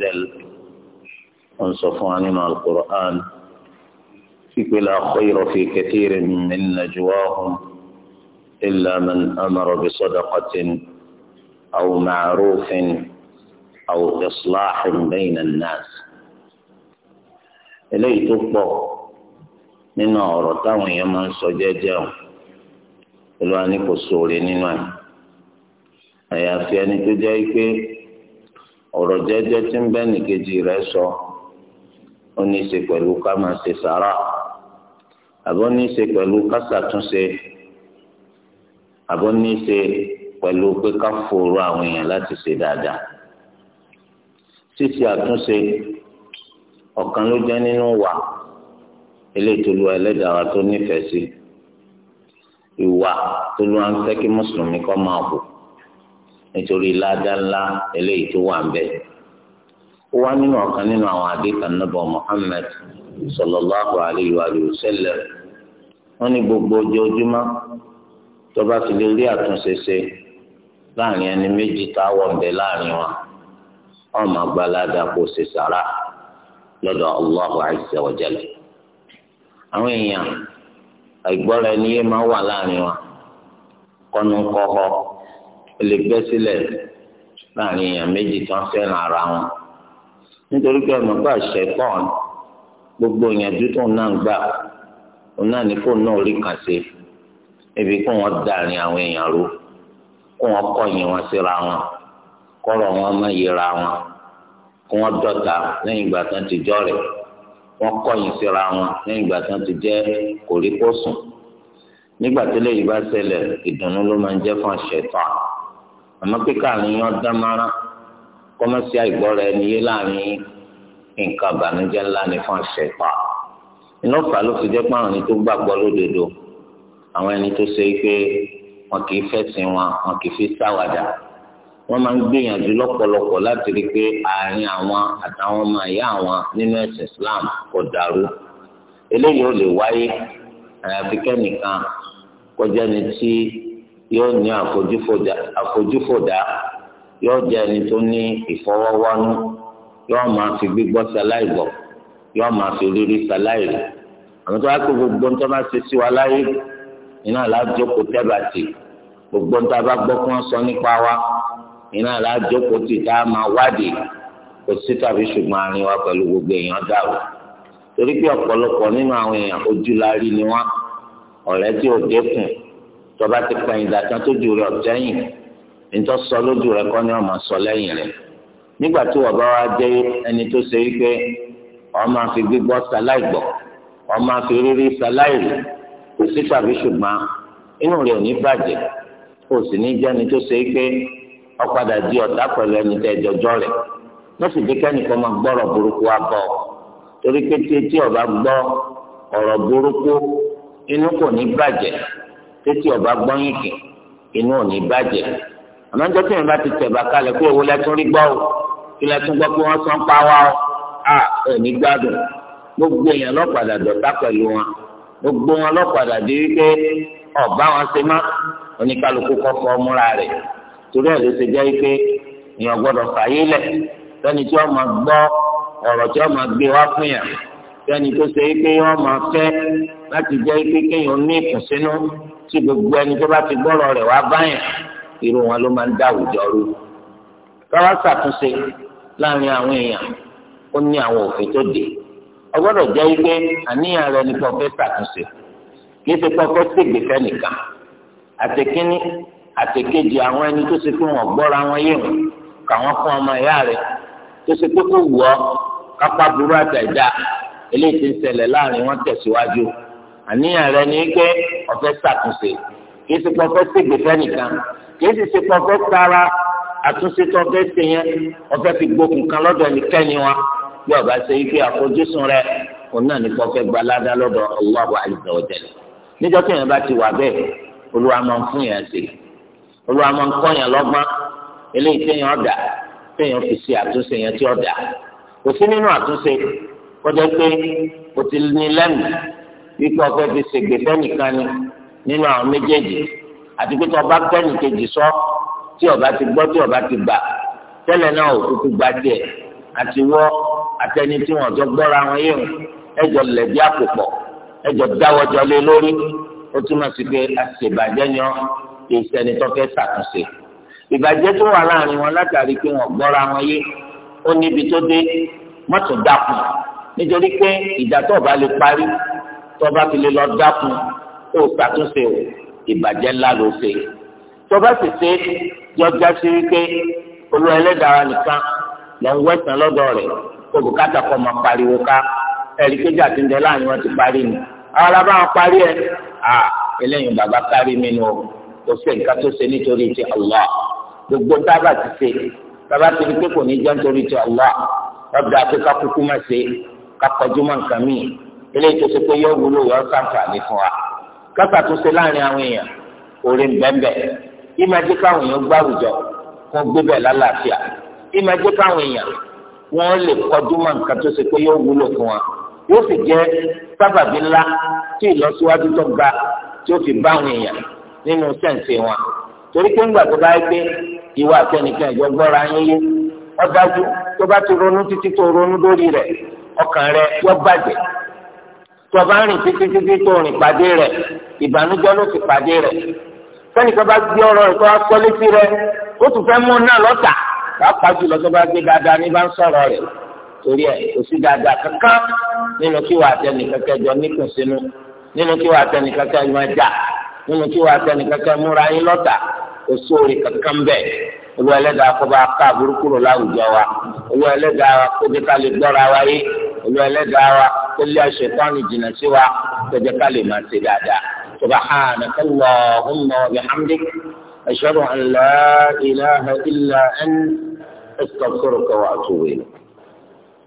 ذلك وانصفوا عنما القرآن فيك لا خير في كثير من نجواهم إلا من أمر بصدقة أو معروف أو إصلاح بين الناس إليه تبقى من ọ̀rọ̀ táwọn èèyàn máa ń sọ jẹ́jẹ́ o ìlú ọ̀rọ̀ jẹ́jẹ́ tí ń bẹ nìkejì rẹ̀ sọ ó ní í ṣe pẹ̀lú ká máa ṣe sàrà àbọ̀ ní í ṣe pẹ̀lú ká ṣàtúnṣe àbọ̀ ní í ṣe pẹ̀lú pé ká fòrò àwọn èèyàn láti ṣe dáadáa ṣíṣe àtúnṣe ọ̀kan ló jẹ́ nínú wà ẹlẹ́dàá nítorí ládàlá eléyìí tó wà ń bẹ wá nínú ọ̀kan nínú àwọn àdéhùn nàbọ Muhammad sallallahu alayhi wa wọn ní gbogbo ojoojúmọ́ tó bá ti lè rí àtúnṣe ṣe láàrin ẹni méjì tá a wọ̀ ń bẹ láàrin wọn wọn máa gba ṣe sàrà ele lè bẹ́ sílẹ̀ láàrin èèyàn méjì tán ara wọn nítorí pé ọmọ bá ṣẹ pọ́n gbogbo ìyànjú tó náà gbà òun náà ní fóònù náà rí kàn sí ibi kó wọn àwọn èèyàn ro kó wọn kọ̀yìn wọn síra wọn ma wọn má yẹra wọn kó wọn ìgbà wọn síra wọn ìgbà tán ti nígbà tí bá ìdùnnú fún àṣẹ tán. àmọ́ pé káàrin yẹn dán mara kọ́mọ́sí àìgbọ́ra ẹni yé láàrin nǹkan àbànújẹ́ ńlá ni fún àṣẹ pa iná fà ló fi jẹ́ pé àwọn ẹni tó gbàgbọ́ lódodo àwọn ẹni tó ṣe pé wọn kì í fẹ̀sìn wọn wọn kì í fi sáwàdà wọn máa ń gbìyànjú lọ́pọ̀lọpọ̀ láti rí i pé àárín àwọn àtàwọn ọmọ ìyá àwọn nínú ẹ̀sìn Islam kò dàrú eléyìí ò lè wáyé àyàfi kẹ́nìkan kọjá ni tí yóò ní àfojúfòdá yóò jẹ ẹni tó ní ìfọwọ́wọ́nú yóò máa fi gbígbọ́ ṣaláìgbọ́ yóò máa fi rírí ṣaláìrí àwọn tó bá kó gbogbo nítorí bá ṣe sí wa láyé iná lájókòó tẹ́bàtì gbogbo nítorí bá gbọ́ kí wọ́n sọ nípa wa iná lájókòó tì tá a máa wádìí kò sí tàbí ṣùgbọ́n àárín wa pẹ̀lú gbogbo èèyàn dàrú torí pé ọ̀pọ̀lọpọ̀ nínú àwọn èèyàn ojú la rí ni wọ́n ọ̀rẹ́ tí ò dẹ́kun tọba ti pẹ̀yìn dàtàn tójú rẹ̀ ọ̀tẹ́yìn nítọ́ sọ lójú rẹ̀ kọ́ ni ọmọ sọ lẹ́yìn rẹ̀ nígbà tí wọ́n bá wá dé ẹni tó ṣe wípé wọ́n máa fi gbígbọ́ sáláì gbọ́ wọ́n máa fi rírí sáláì rí kò sí tàbí ṣùgbọ́n inú rẹ̀ ò ní bàjẹ́ kò sì ní jẹ́ni tó ṣe wípé ọ̀padà di ọ̀tá pẹ̀lú ẹni tẹ́ jọjọ́ rẹ̀ wọ́n sì díkẹ́ nìkan máa gbọ́rọ̀ burúkú wá bọ̀ torí pé tí etí gbọ́ ọ̀rọ̀ burúkú inú kò ní bàjẹ́ tètè ọba gbọ́yìn kì inú òní bàjẹ́ àmọ́ níjọ́ tí mi bá ti tẹ̀ bá kalẹ̀ kó owó lẹ́tún rí gbọ́ o kí lẹ́tún gbọ́ pé wọ́n san pa wá o à ẹ̀mí gbádùn gbogbo èèyàn lọ́padà dọ̀tá pẹ̀lú wọn gbogbo wọn lọ́padà di wípé ọ̀bá wọn ṣe má oníkálukú kọ́kọ́ múra rẹ̀ torí ẹ̀ ló ṣe jẹ́ wípé èèyàn gbọ́dọ̀ fàyè lẹ̀ sẹ́ni tí wọ́n máa gbọ́ ọ̀rọ̀ tí wọ́n máa gbé wá fún yàn fẹ́ni tó ṣe pé wọ́n máa fẹ́ láti jẹ́ pé kéèyàn ní ìkùnsínú tí gbogbo ẹni tó bá ti gbọ́rọ̀ rẹ̀ wá báyẹn irú wọn ló máa ń dá àwùjọ rú. káwá ṣàtúnṣe láàrin àwọn èèyàn ó ní àwọn òfin tó dé ọ gbọ́dọ̀ jẹ́ àníyàn rẹ ni kò fẹ́ ṣàtúnṣe kì í ṣe pé ọkọ ṣègbè fẹ́nìkan àtẹkíní àtẹkejì àwọn ẹni tó ṣe pé wọn gbọ́ra wọn yé wọn fún ọmọ ìyá rẹ tó ṣe pé kò wù ọ kápá burú àtẹ̀dá eléyìí ti ń ṣẹlẹ̀ láàrin wọn tẹ̀síwájú àníyàn rẹ ni pé ọ̀fẹ́ ṣàtúnṣe kìí ṣe pọ́fẹ́ ṣègbè fẹ́nìkan kìí sì ṣe pọ́fẹ́ tara àtúnṣe tó ọfẹ́ ṣe yẹn ọfẹ́ fi gbókun kan lọ́dọ̀ ẹnikẹ́ni wa bí ọba ṣe ike àfojúsùn rẹ òun náà ní pọ́fẹ́ gba ládá lọ́dọ̀ Allahu azza wa jalla níjọ́ tí yẹn bá ti wà bẹ́ẹ̀ olúwa máa ń fún yẹn ṣe olúwa máa ń kọ́ yẹn lọ́gbọ́n eléyìí téèyàn ọ̀dà téèyàn fi ṣe àtúnṣe yẹn tí ọ̀dà kò sí nínú àtúnṣe kọjá pé o ti ní lẹ́nu wípé ọ̀fẹ́ fi ṣègbè fẹ́nìkan ni nínú àwọn méjèèjì àti pé tí ọba pẹ́ẹ́nì kejì sọ tí ọba ti gbọ́ tí ọba ti gbà tẹ́lẹ̀ náà ò kúkú gba tiẹ̀ àti wọ́ atẹni tí wọ́n jọ gbọ́ra wọn yẹn ẹjọ́ lẹ̀bi àpòpọ̀ ẹjọ́ dáwọ́jọ lé lórí ó túmọ̀ sí pé àṣìbàjẹ́ yan kì í ṣẹni tó fẹ́ ṣàtúnṣe ìbàjẹ́ tó wà láàrin wọn látàrí pé wọ́n gbọ́ra wọn yé ó níbi tó dé mọ́tò dákun nítorí pé ìjà tó bá lè parí tó bá fi lè lọ dákun tó ṣàtúnṣe o ìbàjẹ́ ńlá ló ṣe tó bá sì ṣe yọjá sí wípé olú ẹlẹ́dàá nìkan lọ ń wẹ̀sán lọ́dọ̀ rẹ̀ kó bùkátà kọ́ máa pariwo ká ẹ̀rí kéjà ti ń jẹ láàrin wọn ti parí ni àwọn alábàáwọn parí ẹ̀ à eléyìí bàbá kárí mi nù kò sí nǹkan tó ṣe nítorí ti Allah gbogbo tábà ti ṣe tábà ti rí pé kò ní jẹ́ nítorí ti Allah ọ̀dà àti kakúkú má ṣe kakọjúmọ́ nǹkan míì eléyìí tó ṣe pé yóò wúlò yóò ṣàǹfààní fún wa kàkà tó ṣe láàrin àwọn èèyàn orí bẹ́ẹ̀bẹ́ yìí máa jẹ́ káwọn èèyàn gbàrújọ kó gbé bẹ̀ lálàáfíà yìí máa jẹ́ káwọn èèyàn wọ́n lè kọjúmọ́ nǹkan tó ṣe pé yóò wúlò fún wa yóò sì jẹ́ sábàbí ńlá tí ìlọsíwájú tó ga tí ó fi bá àwọn èèyàn nínú sẹ́ǹsì wọn torí pé ńgbà tó bá yẹ pé ìwà àtẹnìkan ìjọgbọ́ra yín yé ọ tó bá ti ronú títí tó ronú lórí rẹ̀ ọkàn rẹ yọ bàjẹ́ tó o bá rìn títí títí tó rìn pàdé rẹ ìbànújẹ́ ló ti pàdé rẹ sẹ́nìkan bá gbé ọ̀rọ̀ rẹ̀ tó wá sọ létí rẹ̀ ó tún fẹ́ mú náà lọ́tà pàápàá jùlọ tó bá gbé dáadáa ní bá ń sọ̀rọ̀ rẹ̀ torí ẹ̀ kò sí dáadáa kankan nínú kí wàá tẹ nìkankan jọ níkùn sínú nínú kí wàá tẹ nìkankan yọ ẹja nínú kí wàá tẹ nìkankan múra yín lọ́tà kò sóore kankan bẹ́ẹ̀ olú ẹlẹ́dàá kó bá ká burúkú rò láwùjọ wa olú ẹlẹ́dàá kó dé ká lè gbọ́ra wa olú ẹlẹ́dàá wa kó lé àṣetánì jìnnà sí wa kó ká lè máa ṣe dáadáa subhanaka allahumma wa bihamdik ashhadu an la ilaha illa anta astaghfiruka wa atubu